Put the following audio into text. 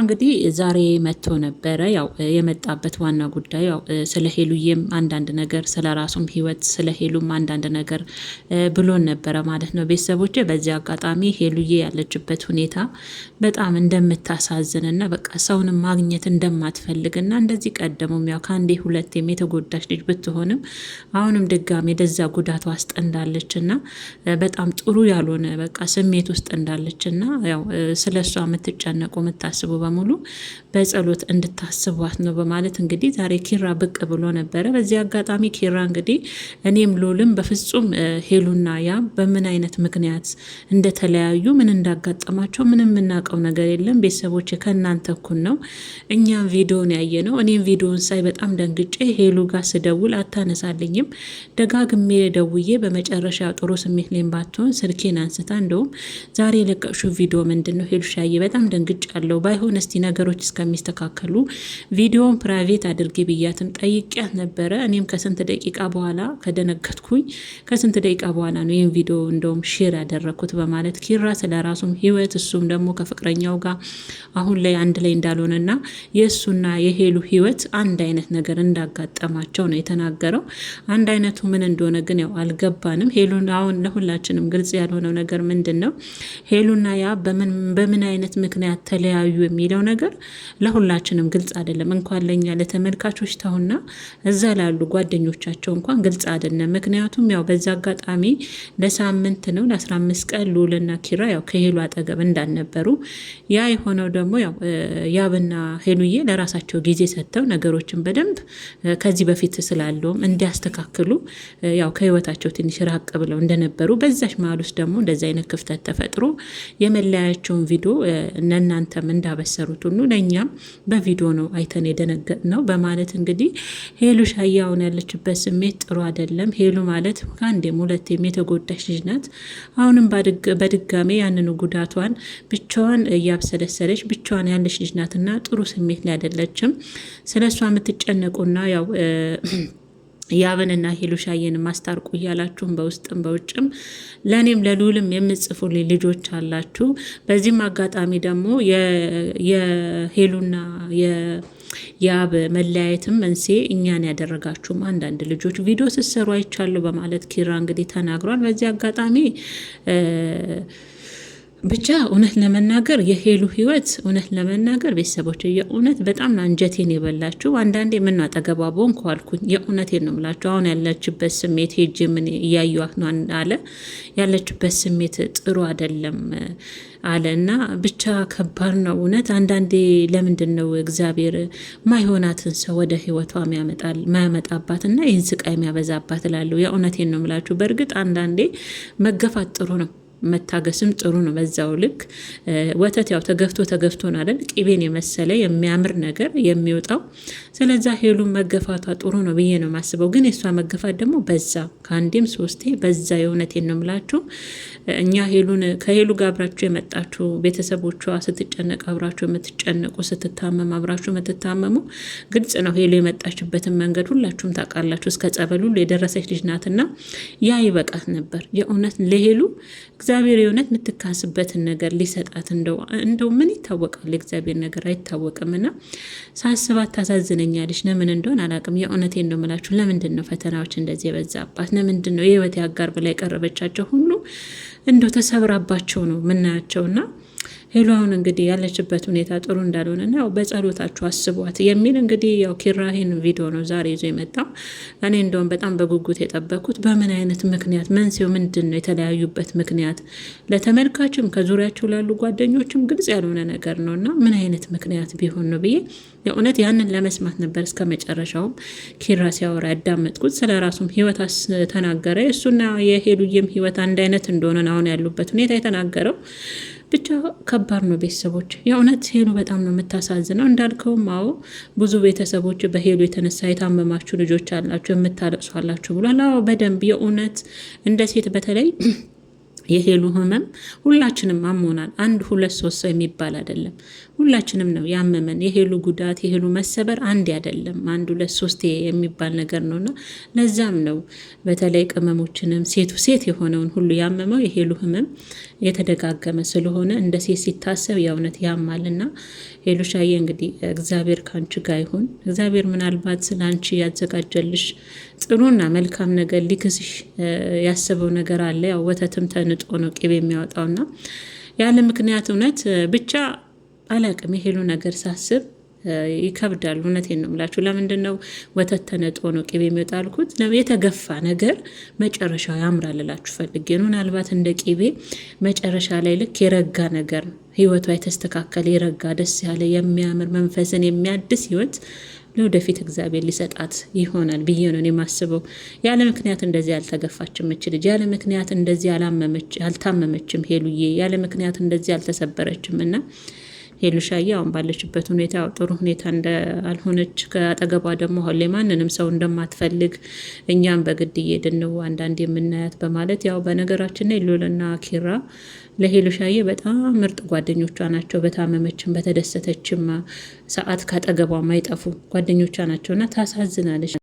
እንግዲህ ዛሬ መጥቶ ነበረ። ያው የመጣበት ዋና ጉዳይ ያው ስለ ሄሉዬም አንዳንድ ነገር ስለ ራሱም ህይወት ስለ ሄሉም አንዳንድ ነገር ብሎን ነበረ ማለት ነው። ቤተሰቦች በዚህ አጋጣሚ ሄሉዬ ያለችበት ሁኔታ በጣም እንደምታሳዝን እና በቃ ሰውንም ማግኘት እንደማትፈልግ እና እንደዚህ ቀደሙም ያው ከአንዴ ሁለቴም የተጎዳች ልጅ ብትሆንም አሁንም ድጋሚ ደዛ ጉዳት ውስጥ እንዳለች እና በጣም ጥሩ ያልሆነ በቃ ስሜት ውስጥ እንዳለች እና ያው ስለ እሷ የምትጨነቁ የምታስቡ በሙሉ በጸሎት እንድታስቧት ነው በማለት እንግዲህ ዛሬ ኪራ ብቅ ብሎ ነበረ። በዚህ አጋጣሚ ኪራ እንግዲህ እኔም ሉልም በፍጹም ሄሉና ያ በምን አይነት ምክንያት እንደተለያዩ ምን እንዳጋጠማቸው ምንም የምናውቀው ነገር የለም። ቤተሰቦች ከእናንተ እኩል ነው። እኛም ቪዲዮን ያየ ነው። እኔም ቪዲዮን ሳይ በጣም ደንግጬ ሄሉ ጋር ስደውል አታነሳልኝም። ደጋግሜ ደውዬ በመጨረሻ ጥሩ ስሜት ላይም ባትሆን ስልኬን አንስታ እንደውም ዛሬ የለቀቅሽው ቪዲዮ ምንድን ነው ሄሉሻዬ? በጣም ደንግጬ አለው ባይሆን ግን እስቲ ነገሮች እስከሚስተካከሉ ቪዲዮን ፕራይቬት አድርጌ ብያትም ጠይቂያት ነበረ። እኔም ከስንት ደቂቃ በኋላ ከደነገጥኩኝ ከስንት ደቂቃ በኋላ ነው ይህን ቪዲዮ እንደውም ሼር ያደረግኩት በማለት ኪራ ስለ ራሱም ህይወት እሱም ደግሞ ከፍቅረኛው ጋር አሁን ላይ አንድ ላይ እንዳልሆነና የእሱና የሄሉ ህይወት አንድ አይነት ነገር እንዳጋጠማቸው ነው የተናገረው። አንድ አይነቱ ምን እንደሆነ ግን ያው አልገባንም። ሄሉን አሁን ለሁላችንም ግልጽ ያልሆነው ነገር ምንድን ነው ሄሉና ያ በምን አይነት ምክንያት ተለያዩ የሚለው ነገር ለሁላችንም ግልጽ አይደለም። እንኳን ለኛ ለተመልካቾች ተውና እዛ ላሉ ጓደኞቻቸው እንኳን ግልጽ አይደለም። ምክንያቱም ያው በዛ አጋጣሚ ለሳምንት ነው ለ15 ቀን ሉልና ኪራ ያው ከሄሉ አጠገብ እንዳልነበሩ ያ የሆነው ደግሞ ያው ያብና ሄሉዬ ለራሳቸው ጊዜ ሰጥተው ነገሮችን በደንብ ከዚህ በፊት ስላለውም እንዲያስተካክሉ ያው ከህይወታቸው ትንሽ ራቅ ብለው እንደነበሩ በዛች መሀል ውስጥ ደግሞ እንደዚ አይነት ክፍተት ተፈጥሮ የመለያያቸውን ቪዲዮ እነናንተም እንዳበ የበሰሩት ሁሉ ለእኛም በቪዲዮ ነው አይተን የደነገጥ ነው በማለት እንግዲህ ሄሉ ሻያ አሁን ያለችበት ስሜት ጥሩ አይደለም። ሄሉ ማለት ከአንዴም ሁለቴም የተጎዳች ልጅ ናት። አሁንም በድጋሜ ያንኑ ጉዳቷን ብቻዋን እያብሰለሰለች ብቻዋን ያለች ልጅ ናትና ጥሩ ስሜት ላይ አይደለችም። ስለ እሷ የምትጨነቁና ያው ያብንና ሄሉሻየን ማስታርቁ እያላችሁም በውስጥም በውጭም ለእኔም ለልዑልም የምጽፉልኝ ልጆች አላችሁ። በዚህም አጋጣሚ ደግሞ የሄሉና የአብ መለያየትም መንስኤ እኛን ያደረጋችሁም አንዳንድ ልጆች ቪዲዮ ስሰሩ አይቻለሁ በማለት ኪራ እንግዲህ ተናግሯል። በዚህ አጋጣሚ ብቻ እውነት ለመናገር የሄሉ ህይወት እውነት ለመናገር ቤተሰቦች የእውነት በጣም አንጀቴን የበላችሁ። አንዳንዴ ምን አጠገባ በሆንኩ አልኩኝ። የእውነቴን ነው የምላችሁ። አሁን ያለችበት ስሜት ሄጄ ምን እያዩት ነው አለ። ያለችበት ስሜት ጥሩ አይደለም አለ እና ብቻ ከባድ ነው እውነት። አንዳንዴ ለምንድን ነው እግዚአብሔር ማይሆናትን ሰው ወደ ህይወቷ ማያመጣባት እና ይህን ስቃይ የሚያበዛባት እላለሁ። የእውነቴን ነው የምላችሁ። በእርግጥ አንዳንዴ መገፋት ጥሩ ነው መታገስም ጥሩ ነው። በዛው ልክ ወተት ያው ተገፍቶ ተገፍቶ ነው አይደል ቅቤን የመሰለ የሚያምር ነገር የሚወጣው። ስለዛ ሄሉን መገፋቷ ጥሩ ነው ብዬ ነው የማስበው። ግን የእሷ መገፋት ደግሞ በዛ፣ ከአንዴም ሶስቴ በዛ። የእውነቴን ነው የምላችሁ። እኛ ሄሉን ከሄሉ ጋር አብራችሁ የመጣችሁ ቤተሰቦቿ ስትጨነቅ አብራችሁ የምትጨነቁ ስትታመም አብራችሁ የምትታመሙ ግልጽ ነው። ሄሉ የመጣችበትን መንገድ ሁላችሁም ታውቃላችሁ። እስከ ጸበሉ የደረሰች ልጅ ናትና ያ ይበቃት ነበር የእውነት ለሄሉ እግዚአብሔር የእውነት የምትካስበትን ነገር ሊሰጣት እንደው ምን ይታወቃል? እግዚአብሔር ነገር አይታወቅምና ሳስባት ታሳዝነኛለች። ለምን እንደሆን አላውቅም። የእውነቴ ነው የምላችሁ። ለምንድን ነው ፈተናዎች እንደዚህ የበዛባት? ለምንድን ነው የህይወት አጋር ብላ የቀረበቻቸው ሁሉ እንደው ተሰብራባቸው ነው ምናያቸውና ሄሎ አሁን እንግዲህ ያለችበት ሁኔታ ጥሩ እንዳልሆነና ያው በጸሎታችሁ አስቧት የሚል እንግዲህ ያው ኪራሂን ቪዲዮ ነው ዛሬ ይዞ የመጣው። እኔ እንደውም በጣም በጉጉት የጠበኩት በምን አይነት ምክንያት መንስኤው ምንድን ነው የተለያዩበት ምክንያት ለተመልካችም ከዙሪያቸው ላሉ ጓደኞችም ግልጽ ያልሆነ ነገር ነው እና ምን አይነት ምክንያት ቢሆን ነው ብዬ የእውነት ያንን ለመስማት ነበር እስከ መጨረሻውም ኪራ ሲያወራ ያዳመጥኩት። ስለ ራሱም ህይወት ተናገረ። እሱና የሄሉዬም ህይወት አንድ አይነት እንደሆነ አሁን ያሉበት ሁኔታ የተናገረው ብቻ ከባድ ነው ቤተሰቦች። የእውነት ሄሉ በጣም ነው የምታሳዝነው። እንዳልከውም አዎ ብዙ ቤተሰቦች በሄሉ የተነሳ የታመማችሁ ልጆች አላችሁ፣ የምታለቅሷላችሁ ብሏል። አዎ በደንብ የእውነት እንደ ሴት በተለይ የሄሉ ህመም ሁላችንም አሞናል። አንድ ሁለት ሶስት ሰው የሚባል አይደለም። ሁላችንም ነው ያመመን። የሄሉ ጉዳት፣ የሄሉ መሰበር አንድ አይደለም። አንድ ሁለት ሶስት የሚባል ነገር ነው ነውና ለዛም ነው በተለይ ቅመሞችንም ሴቱ ሴት የሆነውን ሁሉ ያመመው የሄሉ ህመም የተደጋገመ ስለሆነ እንደ ሴት ሲታሰብ የእውነት ያማል። ያማልና ሄሉሻዬ እንግዲህ እግዚአብሔር ከአንቺ ጋር ይሁን። እግዚአብሔር ምናልባት ስለ አንቺ ያዘጋጀልሽ ጥሩና መልካም ነገር ሊክስሽ ያሰበው ነገር አለ ያው ወተትም ተን ንጦ ነው ቅቤ የሚያወጣውና ያለ ምክንያት እውነት ብቻ አላቅም። የሄሉ ነገር ሳስብ ይከብዳል። እውነቴን ነው የምላችሁ። ለምንድን ነው ወተት ተነጦ ነው ቅቤ የሚወጣ አልኩት? የተገፋ ነገር መጨረሻው ያምራል እላችሁ ፈልጌ ነው። ምናልባት እንደ ቅቤ መጨረሻ ላይ ልክ የረጋ ነገር ህይወቷ የተስተካከለ የረጋ ደስ ያለ የሚያምር መንፈስን የሚያድስ ህይወት ለወደፊት እግዚአብሔር ሊሰጣት ይሆናል ብዬ ነው የማስበው። ያለ ምክንያት እንደዚህ ያልተገፋችም እች ልጅ ያለ ምክንያት እንደዚህ አልታመመችም ሄሉዬ ያለ ምክንያት እንደዚህ አልተሰበረችም እና ሄሉሻዬ አሁን ባለችበት ሁኔታ ጥሩ ሁኔታ እንዳልሆነች ከአጠገቧ ደግሞ ሁሌ ማንንም ሰው እንደማትፈልግ እኛም በግድ እየድንው አንዳንድ የምናያት በማለት ያው በነገራችን ላይ ሉልና ኪራ ለሄሉሻዬ በጣም ምርጥ ጓደኞቿ ናቸው። በታመመችም በተደሰተችም ሰዓት ከአጠገቧ ማይጠፉ ጓደኞቿ ናቸውና ታሳዝናለች።